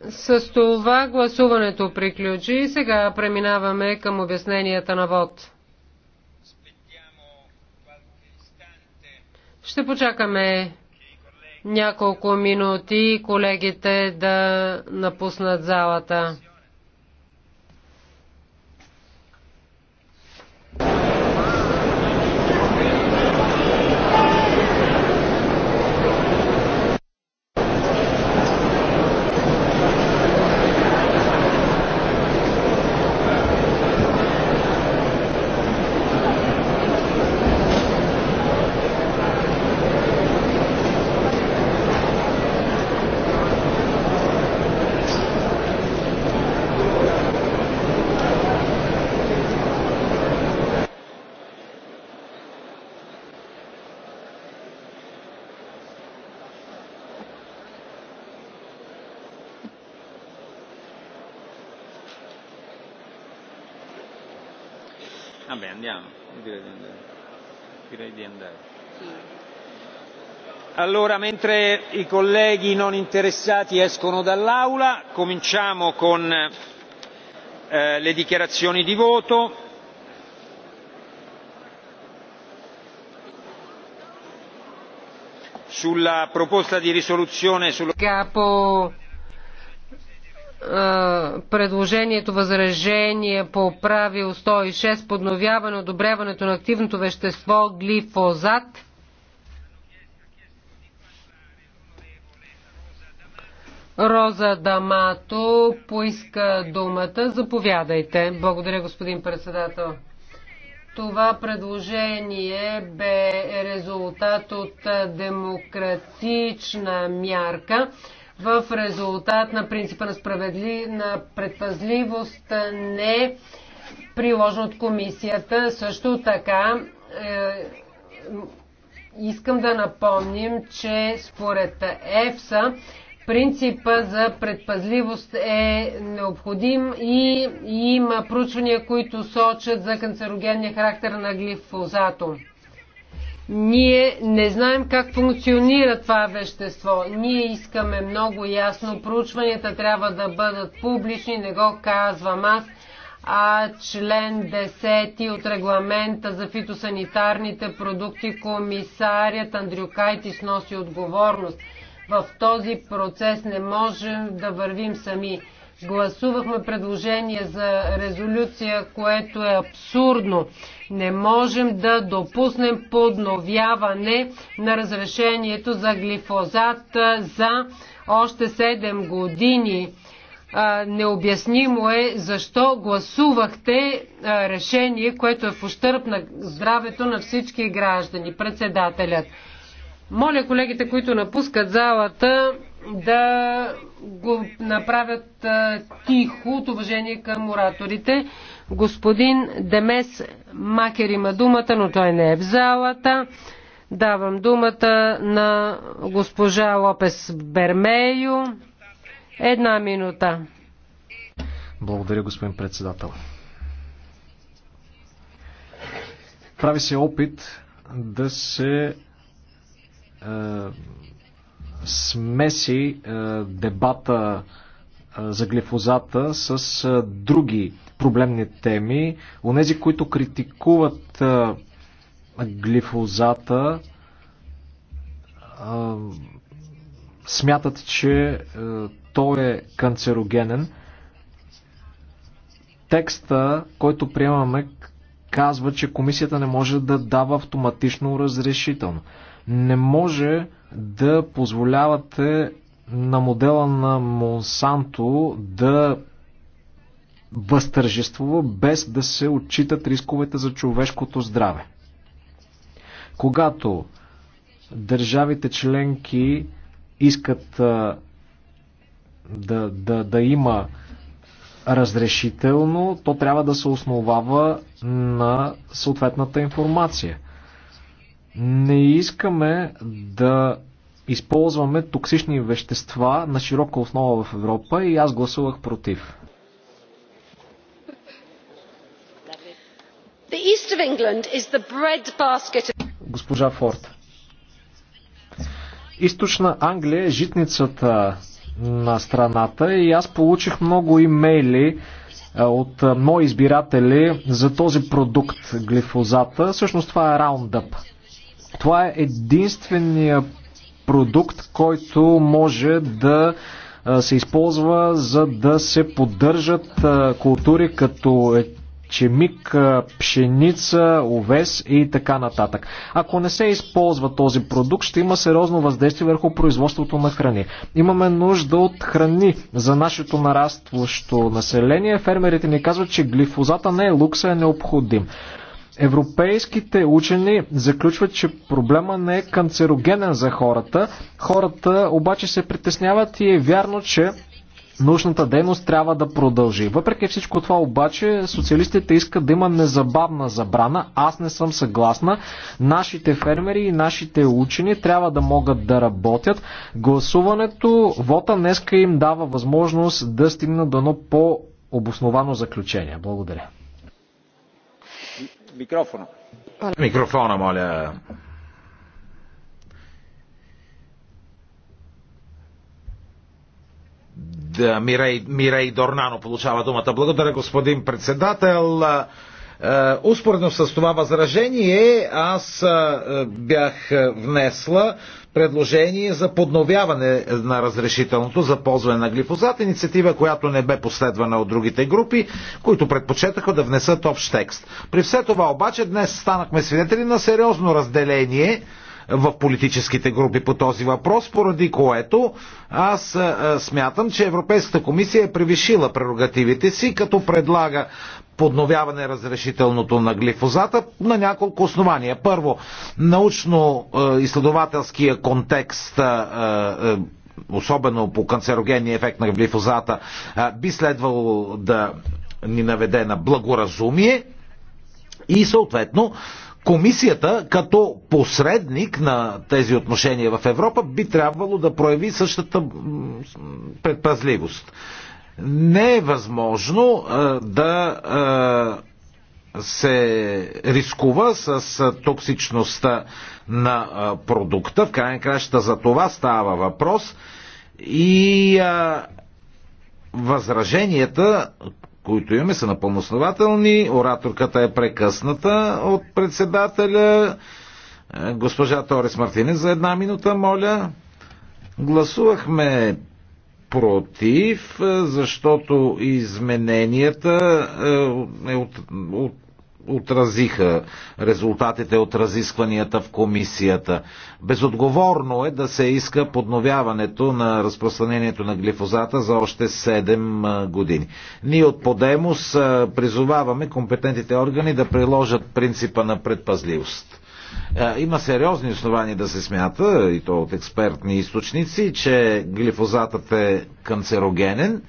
С това гласуването приключи. и Сега преминаваме към обясненията на ВОД. Ще почакаме няколко минути колегите да напуснат залата. andiamo, direi di andare. Direi di andare. Allora, mentre i colleghi non interessati escono dall'Aula, cominciamo con eh, le dichiarazioni di voto. sulla proposta di risoluzione sul capo е, предложението възражение по правил 106 подновяване одобряването на активното вещество глифозат. Роза Дамато поиска думата. Заповядайте. Благодаря, господин председател. Това предложение бе резултат от демократична мярка в резултат на принципа на справедли, на предпазливост не приложен от комисията. Също така е, искам да напомним, че според ЕФСА принципа за предпазливост е необходим и има проучвания, които сочат за канцерогенния характер на глифозато. Ние не знаем как функционира това вещество. Ние искаме много ясно. Проучванията трябва да бъдат публични, не го казвам аз а член 10 от регламента за фитосанитарните продукти комисарят Андрюкайтис носи отговорност. В този процес не можем да вървим сами. Гласувахме предложение за резолюция, което е абсурдно. Не можем да допуснем подновяване на разрешението за глифозат за още 7 години. Необяснимо е защо гласувахте решение, което е в ущърп на здравето на всички граждани. Председателят. Моля колегите, които напускат залата, да го направят тихо от уважение към ораторите. Господин Демес Макер има думата, но той не е в залата. Давам думата на госпожа Лопес Бермею. Една минута. Благодаря, господин председател. Прави се опит да се е, смеси е, дебата е, за глифозата с е, други проблемни теми. Онези, които критикуват глифозата, смятат, че той е канцерогенен. Текста, който приемаме, казва, че комисията не може да дава автоматично разрешително. Не може да позволявате на модела на Монсанто да възтържествува без да се отчитат рисковете за човешкото здраве. Когато държавите членки искат да, да, да има разрешително, то трябва да се основава на съответната информация. Не искаме да използваме токсични вещества на широка основа в Европа и аз гласувах против. Госпожа Форд. Източна Англия е житницата на страната и аз получих много имейли е, от е, мои избиратели за този продукт глифозата. Всъщност това е раундъп. Това е единствения продукт, който може да се използва за да се поддържат култури като е, чемик, пшеница, овес и така нататък. Ако не се използва този продукт, ще има сериозно въздействие върху производството на храни. Имаме нужда от храни за нашето нарастващо население. Фермерите ни казват, че глифозата не е лукса, е необходим. Европейските учени заключват, че проблема не е канцерогенен за хората. Хората обаче се притесняват и е вярно, че научната дейност трябва да продължи. Въпреки всичко това обаче, социалистите искат да има незабавна забрана. Аз не съм съгласна. Нашите фермери и нашите учени трябва да могат да работят. Гласуването, вота днеска им дава възможност да стигнат до едно по-обосновано заключение. Благодаря. Микрофона. Микрофона, моля. Да, Мирей, Мирей Дорнано получава думата. Благодаря, господин председател. Е, успоредно с това възражение аз е, бях внесла предложение за подновяване на разрешителното за ползване на глифозат, инициатива, която не бе последвана от другите групи, които предпочетаха да внесат общ текст. При все това обаче днес станахме свидетели на сериозно разделение в политическите групи по този въпрос, поради което аз е, смятам, че Европейската комисия е превишила прерогативите си, като предлага подновяване разрешителното на глифозата на няколко основания. Първо, научно-изследователския контекст е, особено по канцерогенния ефект на глифозата, би следвало да ни наведе на благоразумие и съответно комисията като посредник на тези отношения в Европа би трябвало да прояви същата предпазливост не е възможно да се рискува с токсичността на продукта. В крайна краща за това става въпрос. И а, възраженията, които имаме, са напълно основателни. Ораторката е прекъсната от председателя. Госпожа Торис Мартинес за една минута, моля. Гласувахме против, защото измененията е, от, от, отразиха резултатите от разискванията в комисията. Безотговорно е да се иска подновяването на разпространението на глифозата за още 7 години. Ние от Подемос призоваваме компетентните органи да приложат принципа на предпазливост. Е, има сериозни основания да се смята, и то от експертни източници, че глифозатът е канцерогенен.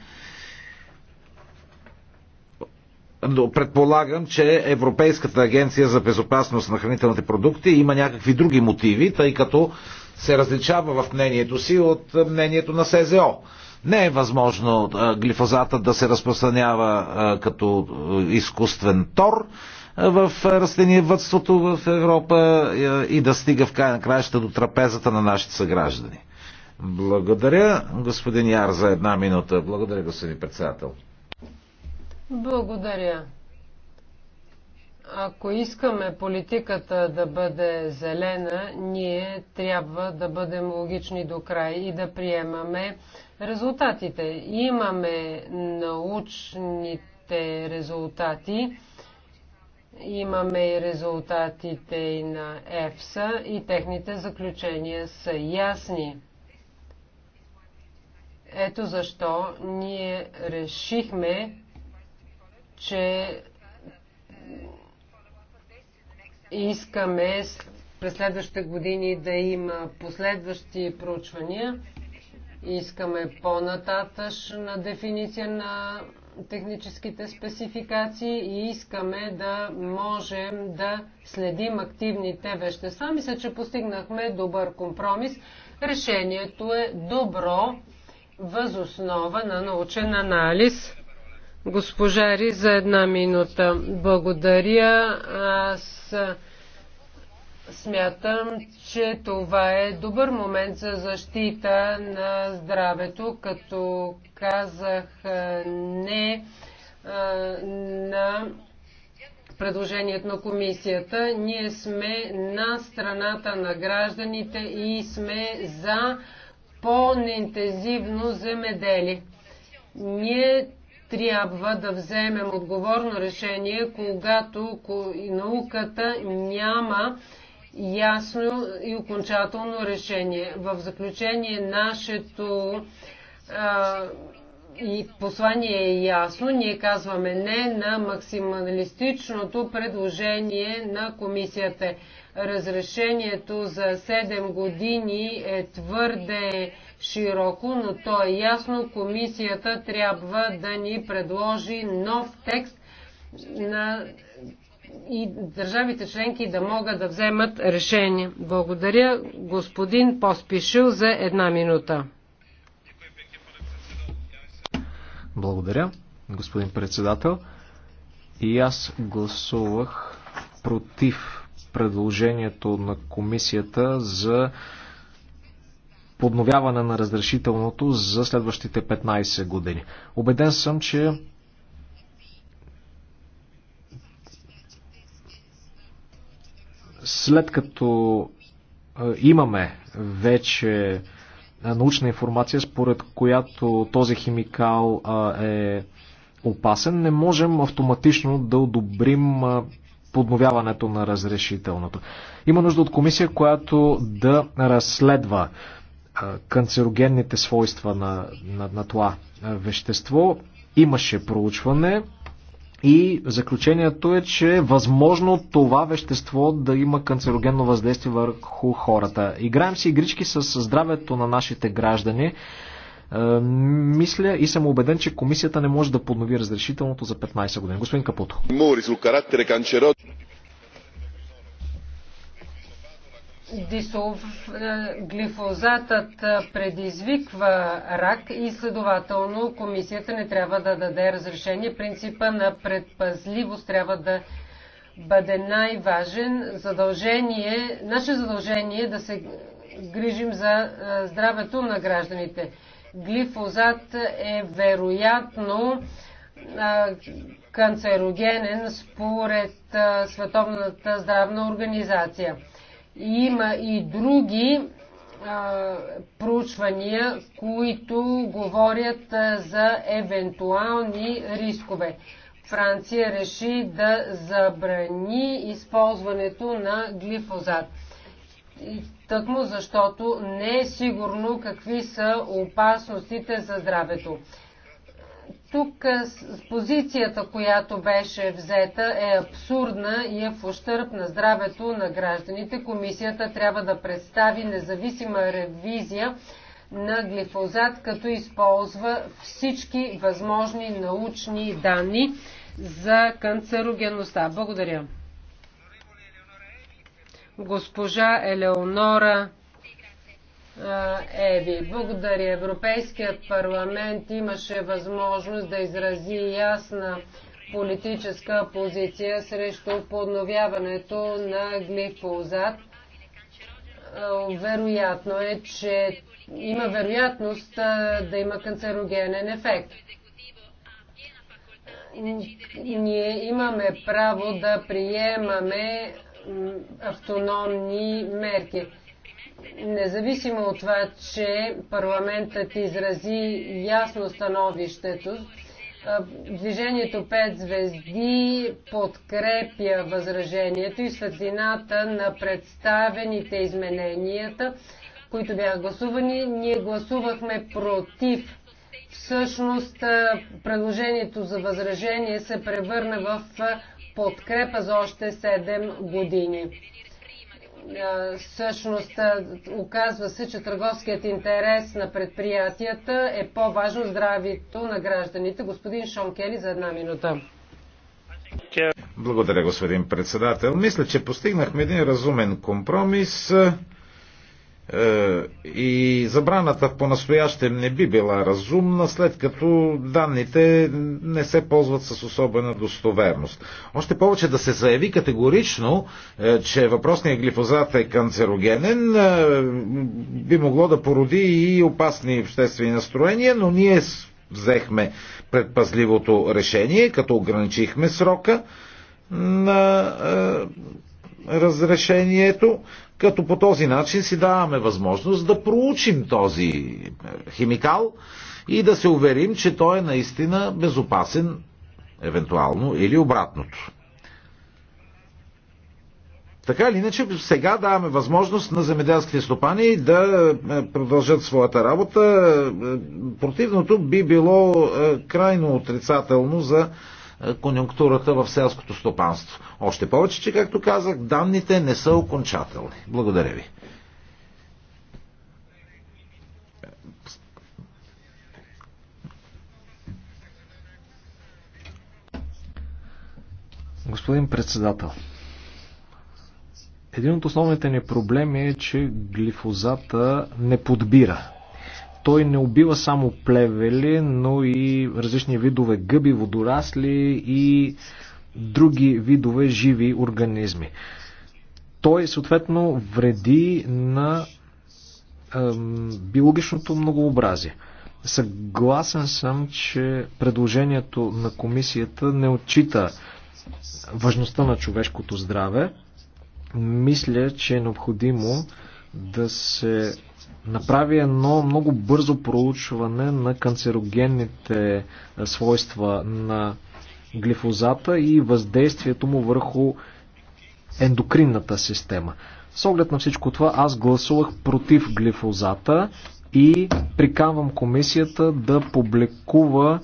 Но предполагам, че Европейската агенция за безопасност на хранителните продукти има някакви други мотиви, тъй като се различава в мнението си от мнението на СЗО. Не е възможно е, глифозата да се разпространява е, като изкуствен тор в растениевътството в Европа е, и да стига в край на краища до трапезата на нашите съграждани. Благодаря, господин Яр, за една минута. Благодаря, господин председател. Благодаря. Ако искаме политиката да бъде зелена, ние трябва да бъдем логични до край и да приемаме резултатите. Имаме научните резултати Имаме и резултатите и на ЕФСА и техните заключения са ясни. Ето защо ние решихме, че искаме през следващите години да има последващи проучвания. Искаме по-нататъчна дефиниция на техническите спецификации и искаме да можем да следим активните вещества. Мисля, че постигнахме добър компромис. Решението е добро възоснова на научен анализ. Госпожа Ри за една минута. Благодаря. Аз Смятам, че това е добър момент за защита на здравето, като казах не на предложението на комисията. Ние сме на страната на гражданите и сме за по-интензивно земеделие. Ние трябва да вземем отговорно решение, когато науката няма ясно и окончателно решение. В заключение нашето а, и послание е ясно. Ние казваме не на максималистичното предложение на комисията. Разрешението за 7 години е твърде широко, но то е ясно. Комисията трябва да ни предложи нов текст на и държавите членки да могат да вземат решение. Благодаря господин Поспишил за една минута. Благодаря, господин председател. И аз гласувах против предложението на комисията за подновяване на разрешителното за следващите 15 години. Обеден съм, че След като имаме вече научна информация, според която този химикал е опасен, не можем автоматично да одобрим подновяването на разрешителното. Има нужда от комисия, която да разследва канцерогенните свойства на, на, на това вещество. Имаше проучване, и заключението е, че е възможно това вещество да има канцерогенно въздействие върху хората. Играем си игрички с здравето на нашите граждани. Е, мисля и съм убеден, че комисията не може да поднови разрешителното за 15 години. Господин Капуто. Дисулф, е, глифозатът е, предизвиква рак и следователно комисията не трябва да даде разрешение. Принципа на предпазливост трябва да бъде най-важен. Задължение, наше задължение е да се грижим за е, здравето на гражданите. Глифозат е вероятно канцерогенен според Световната здравна организация. Има и други проучвания, които говорят за евентуални рискове. Франция реши да забрани използването на глифозат. Тъкмо защото не е сигурно какви са опасностите за здравето. Тук позицията, която беше взета, е абсурдна и е в ущърп на здравето на гражданите. Комисията трябва да представи независима ревизия на глифозат, като използва всички възможни научни данни за канцерогенността. Благодаря. Госпожа Елеонора Еви. Е, благодаря. Европейският парламент имаше възможност да изрази ясна политическа позиция срещу подновяването на глифозат. Е, вероятно е, че има вероятност е, да има канцерогенен ефект. Ние имаме право да приемаме автономни мерки Независимо от това, че парламентът изрази ясно становището, Движението 5 звезди подкрепя възражението и светлината на представените измененията, които бяха гласувани. Ние гласувахме против. Всъщност предложението за възражение се превърна в подкрепа за още 7 години. Е, всъщност е, оказва се, че търговският интерес на предприятията е по-важно здравето на гражданите. Господин Шон Кели за една минута. Благодаря, господин председател. Мисля, че постигнахме един разумен компромис е, и забраната по-настоящем не би била разумна, след като данните не се ползват с особена достоверност. Още повече да се заяви категорично, е, че въпросният глифозат е канцерогенен, е, би могло да породи и опасни обществени настроения, но ние взехме предпазливото решение, като ограничихме срока на разрешението, като по този начин си даваме възможност да проучим този химикал и да се уверим, че той е наистина безопасен, евентуално или обратното. Така или иначе, сега даваме възможност на земеделските стопани да е, продължат своята работа. Е, противното би било е, крайно отрицателно за е, конюнктурата в селското стопанство. Още повече, че, както казах, данните не са окончателни. Благодаря ви. Господин председател, един от основните ни проблеми е, че глифозата не подбира той не убива само плевели, но и различни видове гъби, водорасли и други видове живи организми. Той съответно вреди на ем, биологичното многообразие. Съгласен съм, че предложението на комисията не отчита важността на човешкото здраве. Мисля, че е необходимо да се направи едно много бързо проучване на канцерогенните е, свойства на глифозата и въздействието му върху ендокринната система. С оглед на всичко това аз гласувах против глифозата и приканвам комисията да публикува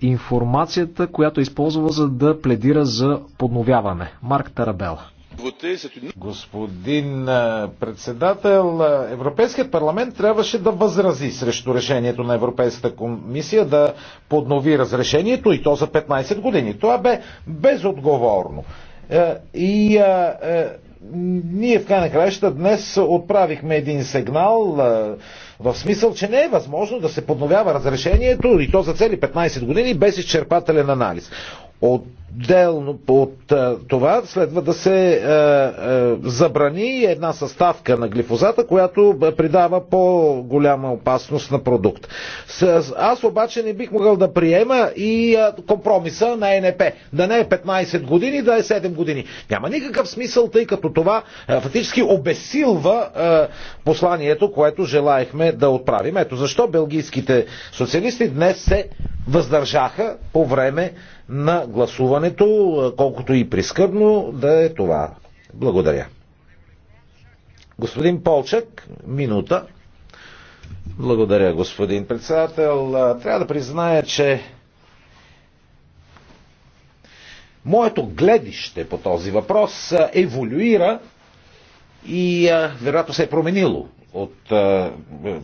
информацията, която е използвала за да пледира за подновяване. Марк Тарабела. Господин председател, Европейският парламент трябваше да възрази срещу решението на Европейската комисия да поднови разрешението и то за 15 години. Това бе безотговорно. Е, и а, а, е, ние в край на краища днес отправихме един сигнал в смисъл, че не е възможно да се подновява разрешението и то за цели 15 години без изчерпателен анализ. От отделно от е, това следва да се е, е, забрани една съставка на глифозата, която придава по-голяма опасност на продукт. Аз обаче не бих могъл да приема и компромиса на НП. Да не е 15 години, да е 7 години. Няма никакъв смисъл, тъй като това фактически обесилва посланието, което желаехме да отправим. Ето защо белгийските социалисти днес се въздържаха по време на гласуване пътуването, колкото и прискърбно да е това. Благодаря. Господин Полчек, минута. Благодаря, господин председател. Трябва да призная, че моето гледище по този въпрос еволюира и вероятно се е променило от а,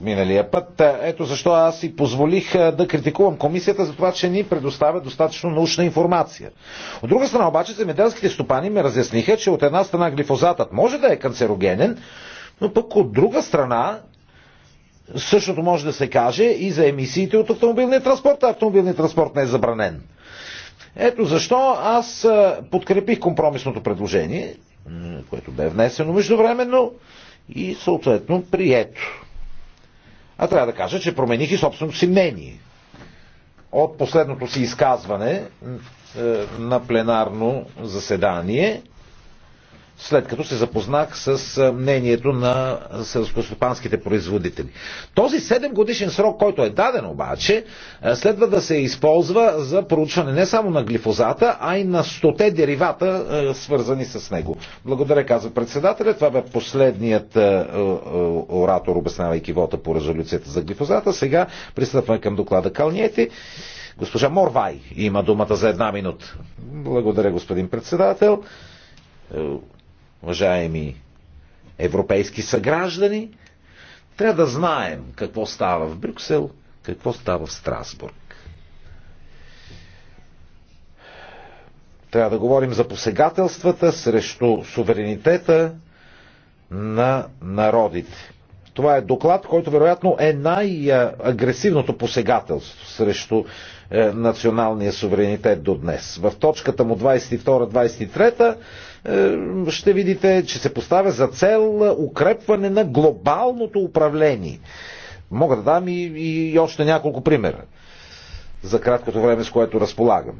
миналия път. Ето защо аз си позволих а, да критикувам комисията за това, че ни предоставя достатъчно научна информация. От друга страна обаче земеделските стопани ме разясниха, че от една страна глифозатът може да е канцерогенен, но пък от друга страна същото може да се каже и за емисиите от автомобилния транспорт, а автомобилният транспорт не е забранен. Ето защо аз подкрепих компромисното предложение, което бе внесено междувременно, и съответно прието. А трябва да кажа, че промених и собственото си мнение. От последното си изказване е, на пленарно заседание след като се запознах с мнението на селскостопанските производители. Този 7 годишен срок, който е даден обаче, следва да се използва за проучване не само на глифозата, а и на стоте деривата, свързани с него. Благодаря, каза председателя. Това бе последният оратор, обяснявайки вота по резолюцията за глифозата. Сега пристъпваме към доклада Калниети. Госпожа Морвай има думата за една минута. Благодаря, господин председател уважаеми европейски съграждани, трябва да знаем какво става в Брюксел, какво става в Страсбург. Трябва да говорим за посегателствата срещу суверенитета на народите. Това е доклад, който вероятно е най-агресивното посегателство срещу е, националния суверенитет до днес. В точката му 22-23 е, ще видите, че се поставя за цел укрепване на глобалното управление. Мога да дам и, и още няколко примера за краткото време, с което разполагам.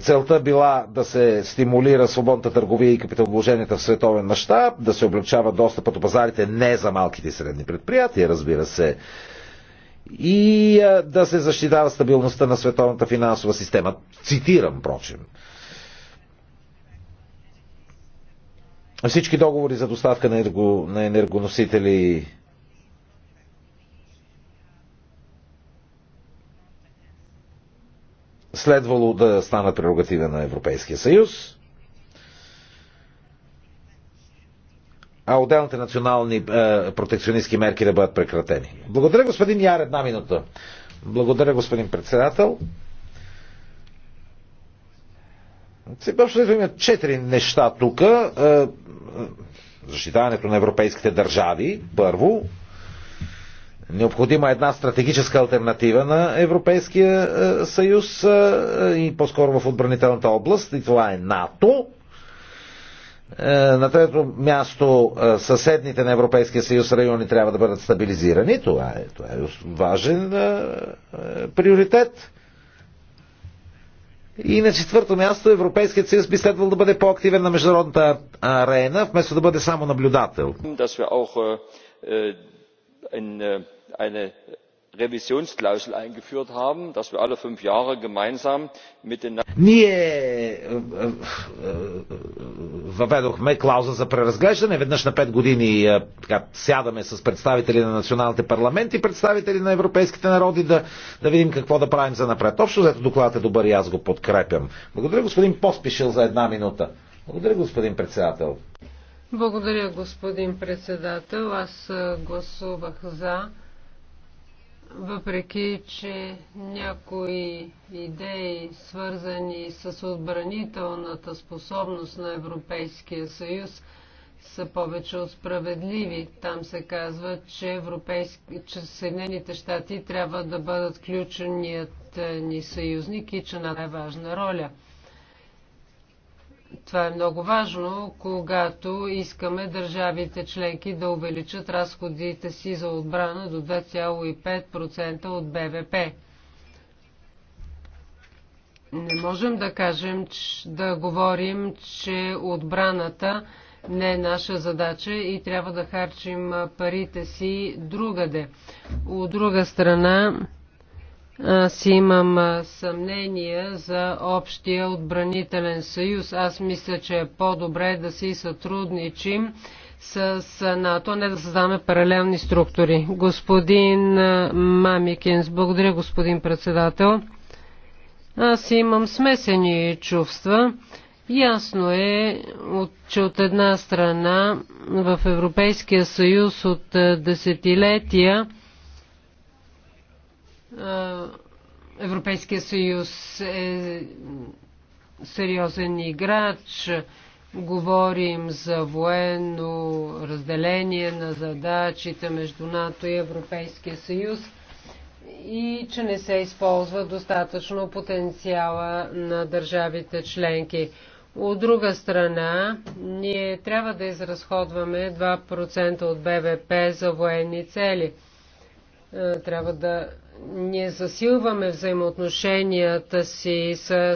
Целта била да се стимулира свободната търговия и капиталовложенията в световен мащаб, да се облегчава достъпът до пазарите не за малките и средни предприятия, разбира се, и да се защитава стабилността на световната финансова система. Цитирам, прочим. Всички договори за доставка на, енерго, на енергоносители следвало да станат прерогатива на Европейския съюз. а отделните национални е, протекционистски мерки да бъдат прекратени. Благодаря, господин Яр, една минута. Благодаря, господин председател. Общо има четири неща тук. Е, е, защитаването на европейските държави, първо. Необходима е една стратегическа альтернатива на Европейския е, съюз е, и по-скоро в отбранителната област, и това е НАТО. Е, на трето място съседните на Европейския съюз райони трябва да бъдат стабилизирани. Това е, това е важен приоритет. И на четвърто място Европейският съюз би следвал да бъде по-активен на международната арена, вместо да бъде само наблюдател eine revisionsklausel eingeführt haben dass wir alle fünf jahre gemeinsam mit den Ние э, э, въведохме клауза за преразглеждане. Веднъж на 5 години э, така, сядаме с представители на националните парламенти, представители на европейските народи, да, да видим какво да правим за напред. Общо взето докладът е добър и аз го подкрепям. Благодаря господин Поспишил за една минута. Благодаря господин председател. Благодаря господин председател. Аз гласувах за въпреки, че някои идеи, свързани с отбранителната способност на Европейския съюз, са повече от справедливи. Там се казва, че, европейски, че Съединените щати трябва да бъдат ключеният е, ни съюзник и че на най-важна е роля – това е много важно, когато искаме държавите членки да увеличат разходите си за отбрана до 2,5% от БВП. Не можем да кажем, да говорим, че отбраната не е наша задача и трябва да харчим парите си другаде. От друга страна, аз имам съмнение за общия отбранителен съюз. Аз мисля, че е по-добре да си сътрудничим с НАТО, не да създаваме паралелни структури. Господин Мамикинс, благодаря господин председател. Аз имам смесени чувства. Ясно е, че от една страна в Европейския съюз от десетилетия е, Европейския съюз е сериозен играч. Говорим за военно разделение на задачите между НАТО и Европейския съюз и че не се използва достатъчно потенциала на държавите членки. От друга страна, ние трябва да изразходваме 2% от БВП за военни цели. Е, трябва да ние засилваме взаимоотношенията си с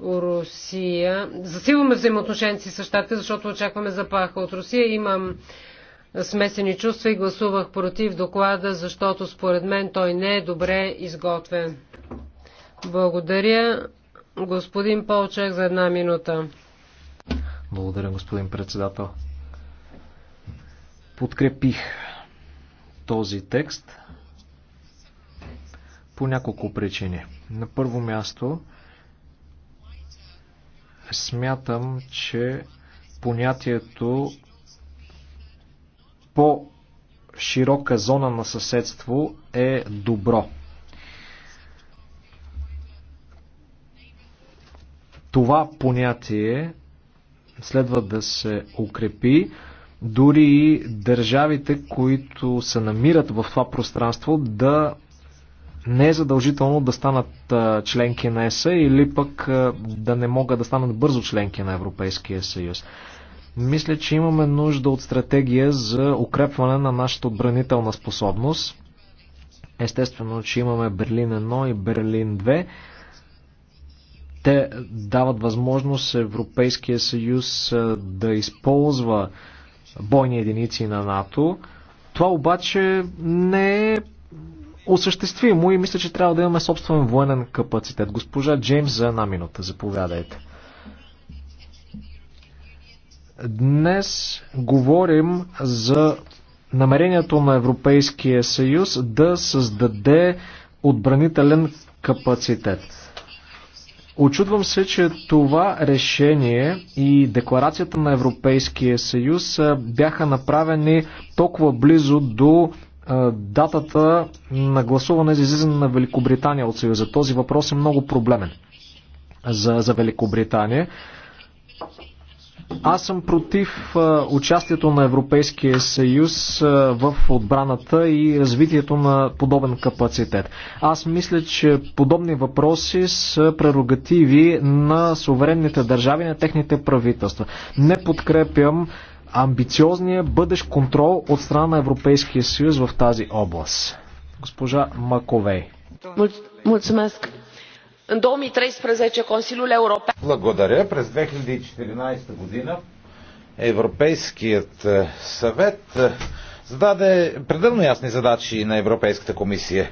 Русия. Засилваме взаимоотношенията си с щатите, защото очакваме заплаха от Русия. Имам смесени чувства и гласувах против доклада, защото според мен той не е добре изготвен. Благодаря. Господин Полчек за една минута. Благодаря, господин председател. Подкрепих този текст по няколко причини. На първо място, смятам, че понятието по-широка зона на съседство е добро. Това понятие следва да се укрепи дори и държавите, които се намират в това пространство, да не е задължително да станат членки на ЕСА или пък да не могат да станат бързо членки на Европейския съюз. Мисля, че имаме нужда от стратегия за укрепване на нашата отбранителна способност. Естествено, че имаме Берлин 1 и Берлин 2. Те дават възможност Европейския съюз да използва бойни единици на НАТО. Това обаче не е осъществимо и мисля, че трябва да имаме собствен военен капацитет. Госпожа Джеймс за една минута, заповядайте. Днес говорим за намерението на Европейския съюз да създаде отбранителен капацитет. Очудвам се, че това решение и декларацията на Европейския съюз бяха направени толкова близо до датата на гласуване за излизане на Великобритания от Съюза. Този въпрос е много проблемен за, за Великобритания. Аз съм против участието на Европейския съюз в отбраната и развитието на подобен капацитет. Аз мисля, че подобни въпроси са прерогативи на суверенните държави, на техните правителства. Не подкрепям амбициозния бъдещ контрол от страна на Европейския съюз в тази област. Госпожа Маковей. În 2013 Consiliul European Благодаря. През 2014 година Европейският е, съвет е, зададе пределно ясни задачи на Европейската комисия.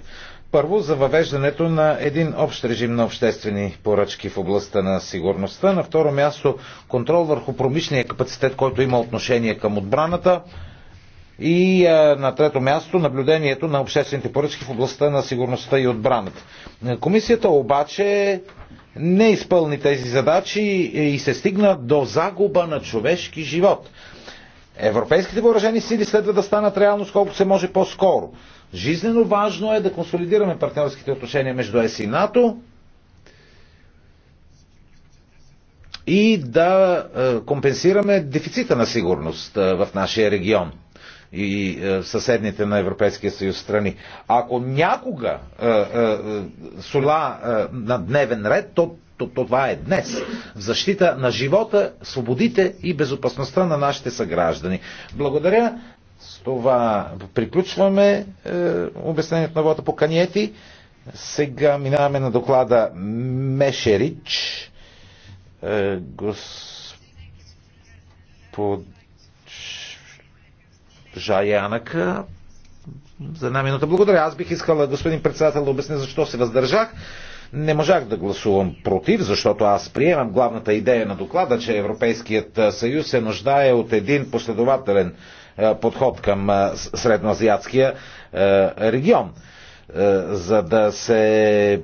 Първо, за въвеждането на един общ режим на обществени поръчки в областта на сигурността. На второ място, контрол върху промишления капацитет, който има отношение към отбраната. И е, на трето място, наблюдението на обществените поръчки в областта на сигурността и отбраната. Комисията обаче не изпълни тези задачи и се стигна до загуба на човешки живот. Европейските въоръжени сили следва да станат реалност колкото се може по-скоро. Жизнено важно е да консолидираме партньорските отношения между ЕС и НАТО и да е, компенсираме дефицита на сигурност е, в нашия регион и е, съседните на Европейския съюз страни. Ако някога сола на дневен ред, то това е днес, в защита на живота, свободите и безопасността на нашите съграждани. Благодаря. С това приключваме е, обяснението на вода по Каниети. Сега минаваме на доклада Мешерич. Е, господ Жаянака за една минута. Благодаря. Аз бих искала, господин председател, да обясня защо се въздържах. Не можах да гласувам против, защото аз приемам главната идея на доклада, че Европейският съюз се нуждае от един последователен подход към средноазиатския регион, за да се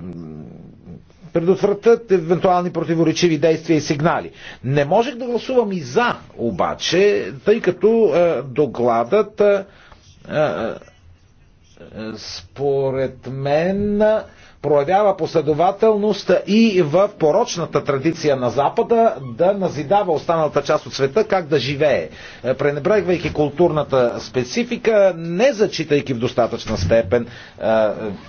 предотвратят евентуални противоречиви действия и сигнали. Не можех да гласувам и за, обаче, тъй като докладът според мен проявява последователност и в порочната традиция на Запада да назидава останалата част от света как да живее, е, пренебрегвайки културната специфика, не зачитайки в достатъчна степен е,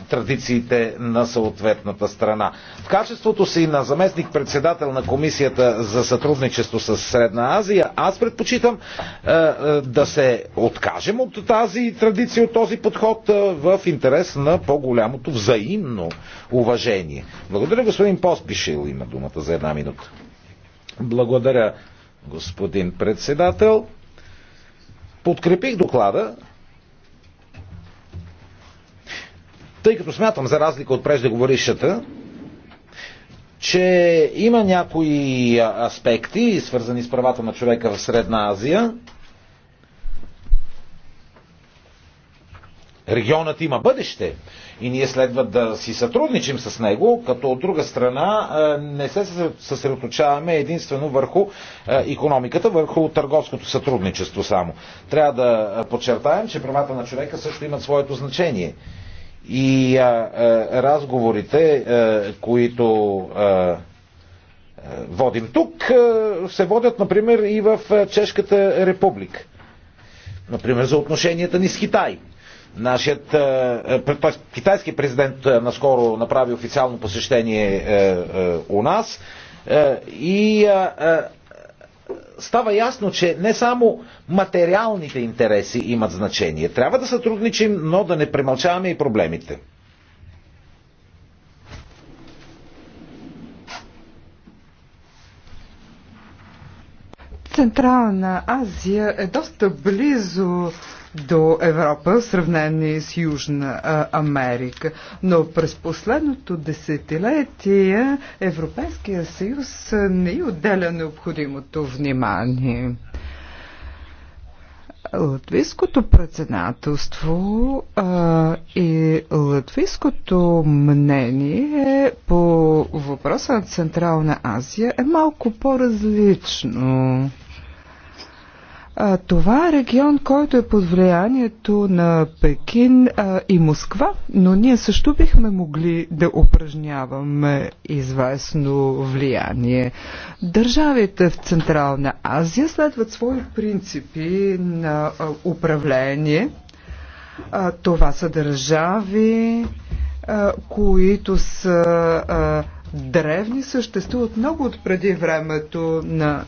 традициите на съответната страна. В качеството си на заместник-председател на Комисията за сътрудничество с Средна Азия, аз предпочитам е, е, да се откажем от тази традиция, от този подход е, в интерес на по-голямото взаимно уважение. Благодаря, господин Поспишил. Има думата за една минута. Благодаря, господин председател. Подкрепих доклада, тъй като смятам, за разлика от преждеговорищата, че има някои аспекти, свързани с правата на човека в Средна Азия. Регионът има бъдеще, и ние следва да си сътрудничим с него, като от друга страна не се съсредоточаваме единствено върху економиката, върху търговското сътрудничество само. Трябва да подчертаем, че правата на човека също имат своето значение. И а, а, разговорите, а, които а, водим тук, се водят, например, и в Чешката република. Например, за отношенията ни с Китай. Нашият е, е, китайски президент е, наскоро направи официално посещение у нас и става ясно, че не само материалните интереси имат значение. Трябва да сътрудничим, но да не премълчаваме и проблемите. Централна Азия е доста близо до Европа, сравнени с Южна Америка. Но през последното десетилетие Европейския съюз не й отделя необходимото внимание. Латвийското председателство а, и латвийското мнение по въпроса на Централна Азия е малко по-различно. А, това е регион, който е под влиянието на Пекин а, и Москва, но ние също бихме могли да упражняваме известно влияние. Държавите в Централна Азия следват свои принципи на а, управление. А, това са държави, а, които са. А, древни съществуват много от преди времето на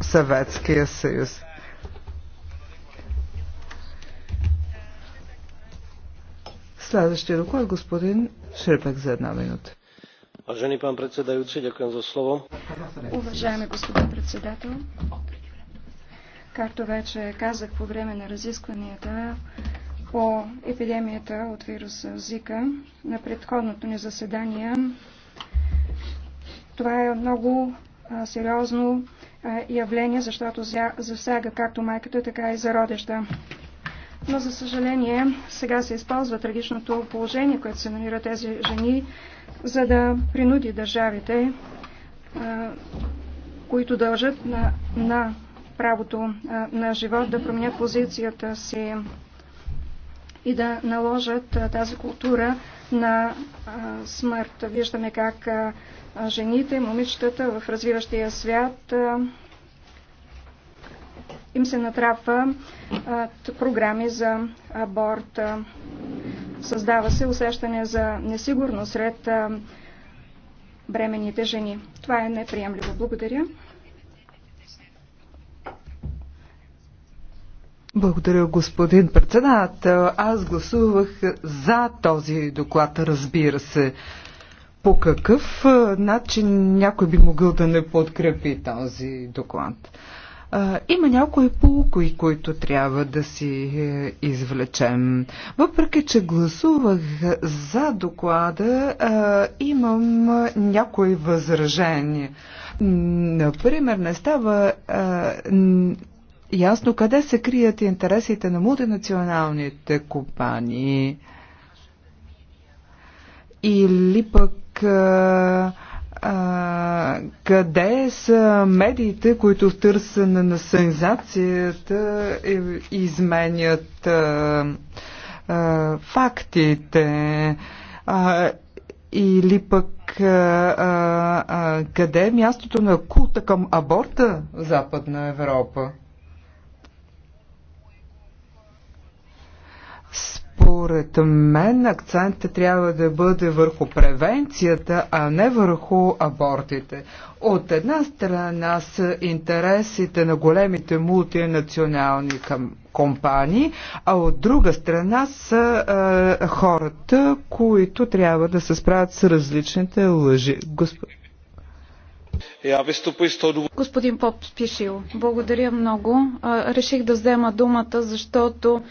Съветския съюз. Следващия доклад господин Ширпек за една минута. Уважаеми пан председател, дякуем за слово. Уважаеми господин председател, както вече казах по време на разискванията по епидемията от вируса Зика на предходното ни заседание, това е много сериозно явление, защото засяга както майката, така и зародеща но за съжаление сега се използва трагичното положение, което се намира тези жени, за да принуди държавите, които дължат на, на правото на живот, да променят позицията си и да наложат тази култура на смърт. Виждаме как жените, момичетата в развиващия свят им се натрапва програми за аборт. Създава се усещане за несигурност сред бременните жени. Това е неприемливо. Благодаря. Благодаря, господин председател. Аз гласувах за този доклад, разбира се. По какъв начин някой би могъл да не подкрепи този доклад? А, има някои полукои, които трябва да си е, извлечем. Въпреки, че гласувах за доклада, а, имам някои възражения. Например, не става а, ясно къде се крият интересите на мултинационалните компании или пък а, къде са медиите, които в търсене на сензацията изменят а, а, фактите? А, или пък а, а, къде е мястото на култа към аборта в Западна Европа? Според мен акцентът трябва да бъде върху превенцията, а не върху абортите. От една страна са интересите на големите мултинационални компании, а от друга страна са е, хората, които трябва да се справят с различните лъжи. Господ... Господин Поп Спишил, благодаря много. Реших да взема думата, защото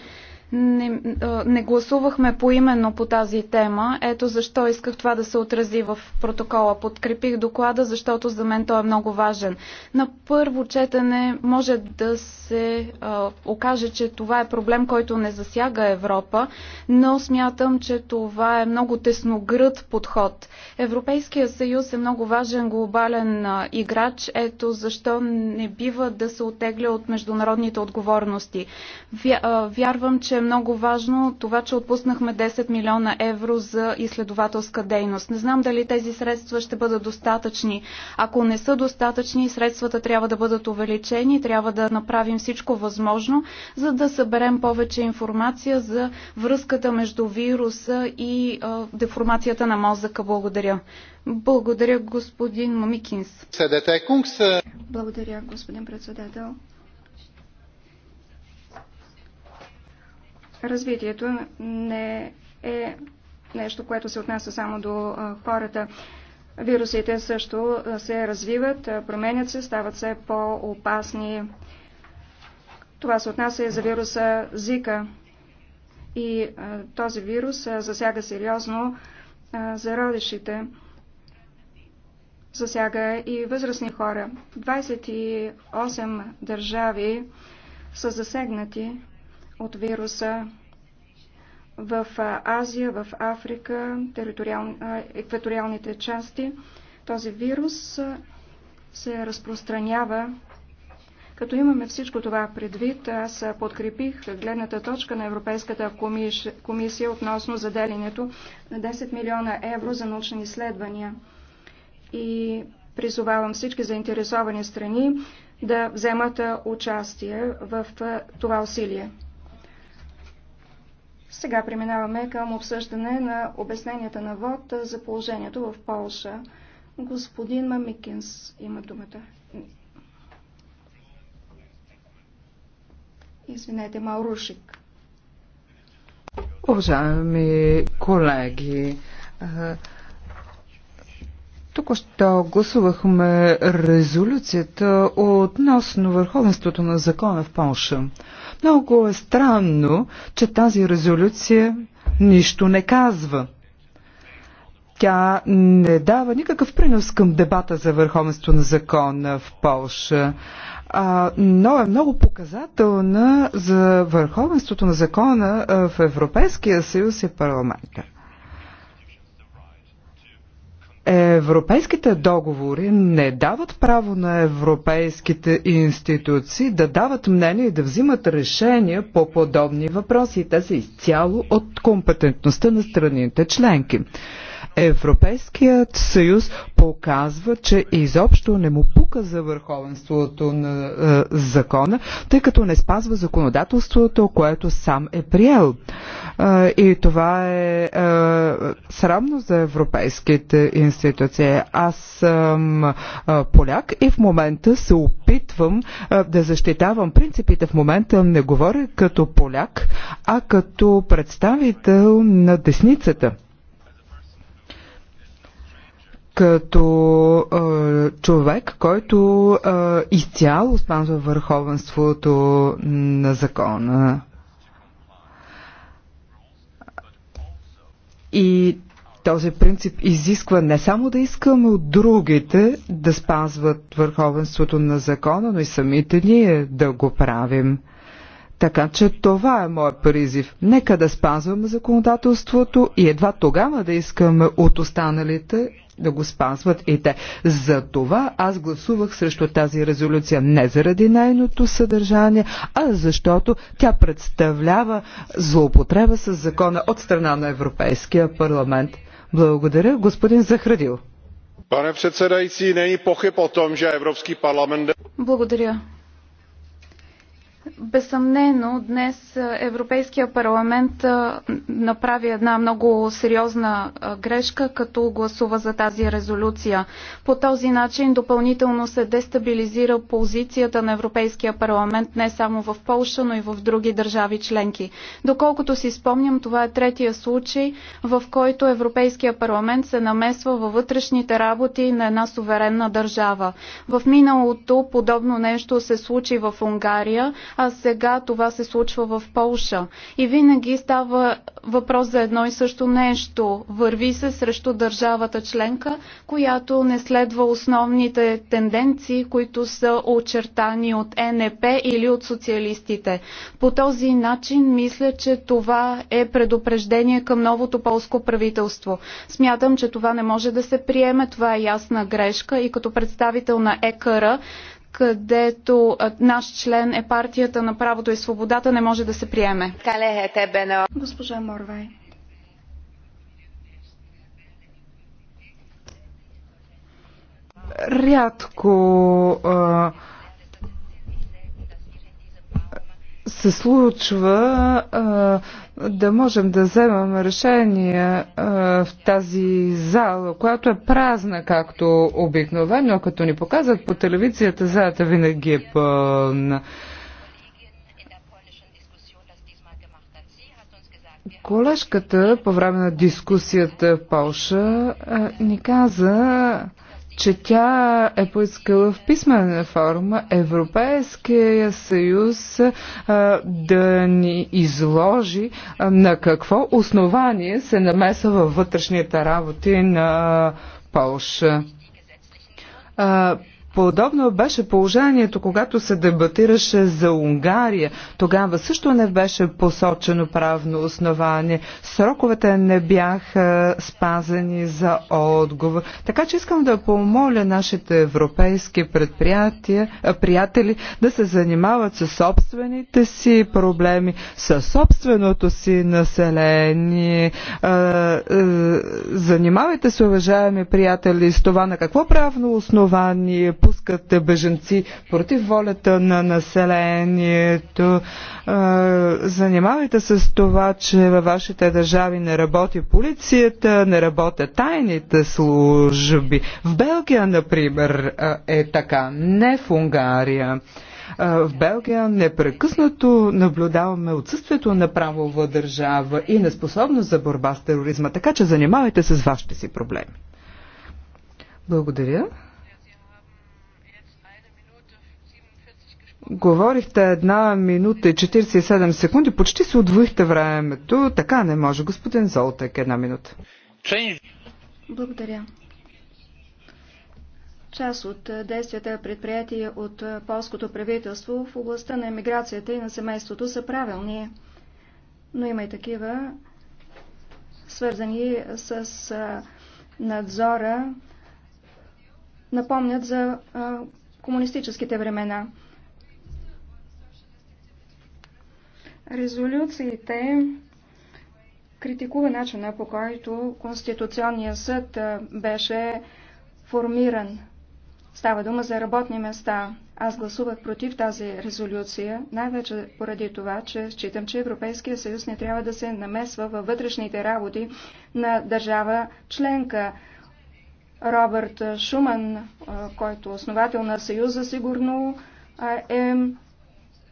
не, не гласувахме поименно по тази тема. Ето защо исках това да се отрази в протокола. Подкрепих доклада, защото за мен той е много важен. На първо четене може да се а, окаже, че това е проблем, който не засяга Европа, но смятам, че това е много тесногръд подход. Европейския съюз е много важен глобален а, играч. Ето защо не бива да се отегля от международните отговорности. Вя, а, вярвам, че много важно това, че отпуснахме 10 милиона евро за изследователска дейност. Не знам дали тези средства ще бъдат достатъчни. Ако не са достатъчни, средствата трябва да бъдат увеличени, трябва да направим всичко възможно, за да съберем повече информация за връзката между вируса и а, деформацията на мозъка. Благодаря. Благодаря, господин Мамикинс. Благодаря, господин председател. развитието не е нещо, което се отнася само до хората. Вирусите също се развиват, променят се, стават все по-опасни. Това се отнася и за вируса Зика. И този вирус засяга сериозно за зародишите. Засяга и възрастни хора. 28 държави са засегнати от вируса в Азия, в Африка, териториал... екваториалните части. Този вирус се разпространява. Като имаме всичко това предвид, аз подкрепих гледната точка на Европейската комисия относно заделянето на 10 милиона евро за научни изследвания. И призовавам всички заинтересовани страни да вземат участие в това усилие. Сега преминаваме към обсъждане на обясненията на ВОД за положението в Полша. Господин Мамикинс има думата. Извинете, Маурушик. Уважаеми колеги, тук що гласувахме резолюцията относно върховенството на закона в Польша. Много е странно, че тази резолюция нищо не казва. Тя не дава никакъв принос към дебата за върховенство на закона в Полша, но е много показателна за върховенството на закона в Европейския съюз и парламента. Европейските договори не дават право на европейските институции да дават мнение и да взимат решения по подобни въпроси. Те са изцяло от компетентността на страните членки. Европейският съюз показва, че изобщо не му пука за върховенството на е, закона, тъй като не спазва законодателството, което сам е приел. Е, и това е, е срамно за европейските институции. Аз съм е, поляк и в момента се опитвам е, да защитавам принципите. В момента не говоря като поляк, а като представител на десницата като а, е, човек, който а, е, изцяло спазва върховенството на закона. И този принцип изисква не само да искаме от другите да спазват върховенството на закона, но и самите ние да го правим. Така че това е моят призив. Нека да спазваме законодателството и едва тогава да искаме от останалите да го спазват и те. За това аз гласувах срещу тази резолюция не заради нейното съдържание, а защото тя представлява злоупотреба с закона от страна на Европейския парламент. Благодаря, господин Захрадил. Пане председající, není že Благодаря, Безсъмнено днес Европейския парламент направи една много сериозна грешка, като гласува за тази резолюция. По този начин допълнително се дестабилизира позицията на Европейския парламент не само в Полша, но и в други държави членки. Доколкото си спомням, това е третия случай, в който Европейския парламент се намесва във вътрешните работи на една суверенна държава. В миналото подобно нещо се случи в Унгария, а а сега това се случва в Полша. И винаги става въпрос за едно и също нещо. Върви се срещу държавата членка, която не следва основните тенденции, които са очертани от НП или от социалистите. По този начин мисля, че това е предупреждение към новото полско правителство. Смятам, че това не може да се приеме, това е ясна грешка и като представител на ЕКР където наш член е партията на правото и свободата, не може да се приеме. Госпожа Морвай. Рядко а, се случва а, да можем да вземам решение а, в тази зала, която е празна, както обикновено, като ни показват по телевизията, залата винаги е пълна. Колежката по време на дискусията в Полша ни каза, че тя е поискала в писмена форма Европейския съюз а, да ни изложи а, на какво основание се намеса във вътрешните работи на Полша. А, Подобно беше положението, когато се дебатираше за Унгария. Тогава също не беше посочено правно основание. Сроковете не бяха спазени за отговор. Така че искам да помоля нашите европейски предприятия, приятели да се занимават с собствените си проблеми, с собственото си население. Занимавайте се, уважаеми приятели, с това на какво правно основание напускат беженци против волята на населението. Занимавайте се с това, че във вашите държави не работи полицията, не работят тайните служби. В Белгия, например, е така, не в Унгария. В Белгия непрекъснато наблюдаваме отсъствието на правова държава и неспособност за борба с тероризма, така че занимавайте се с вашите си проблеми. Благодаря. Говорихте една минута и 47 секунди, почти се отвоихте времето. Така не може, господин Золтек, една минута. Благодаря. Част от действията предприятия от полското правителство в областта на емиграцията и на семейството са правилни, но има и такива, свързани с надзора, напомнят за комунистическите времена. Резолюциите критикува начина по който Конституционният съд беше формиран. Става дума за работни места. Аз гласувах против тази резолюция, най-вече поради това, че считам, че Европейския съюз не трябва да се намесва във вътрешните работи на държава членка. Робърт Шуман, който основател на Съюза, сигурно е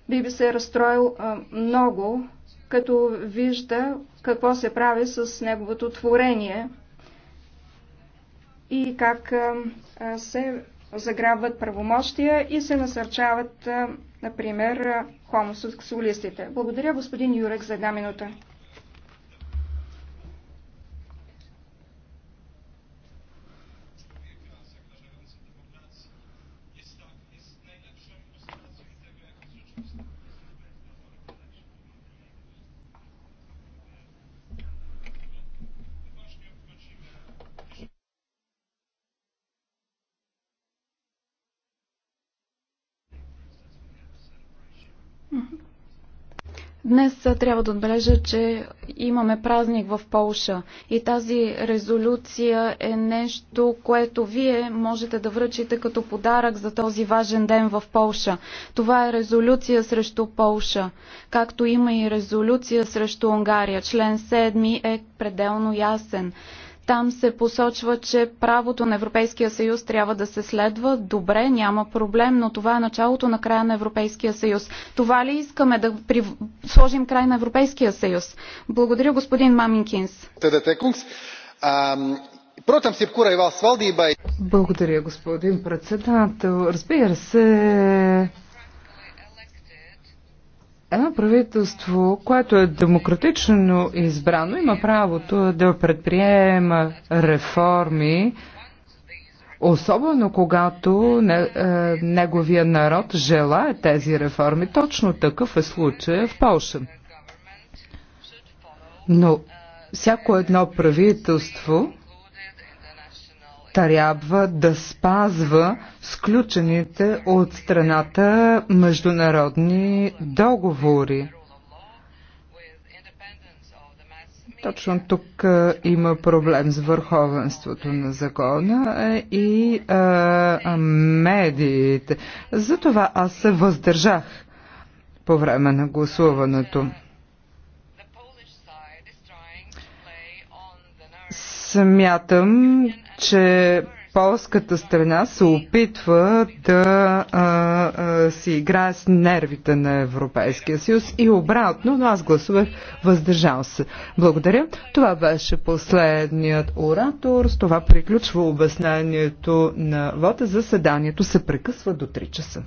би би се разстроил много, като вижда какво се прави с неговото творение и как се заграбват правомощия и се насърчават, например, хомосексуалистите. Благодаря господин Юрек за една минута. Днес трябва да отбележа, че имаме празник в Полша и тази резолюция е нещо, което вие можете да връчите като подарък за този важен ден в Полша. Това е резолюция срещу Полша, както има и резолюция срещу Унгария. Член 7 е пределно ясен. Там се посочва, че правото на Европейския съюз трябва да се следва. Добре, няма проблем, но това е началото на края на Европейския съюз. Това ли искаме да при... сложим край на Европейския съюз? Благодаря, господин Маминкинс. Благодаря, господин председател. Разбира се, Едно правителство, което е демократично избрано, има правото да предприема реформи, особено когато не, е, неговия народ желае тези реформи. Точно такъв е случай в Польша. Но всяко едно правителство трябва да спазва сключените от страната международни договори. Точно тук а, е, има проблем с върховенството на закона е, и а, е, медиите. Затова аз се въздържах по време на гласуването. Смятам, че полската страна се опитва да а, а, си играе с нервите на Европейския съюз и обратно, но аз гласувах въздържал се. Благодаря. Това беше последният оратор. С това приключва обяснението на вода. Заседанието се прекъсва до 3 часа.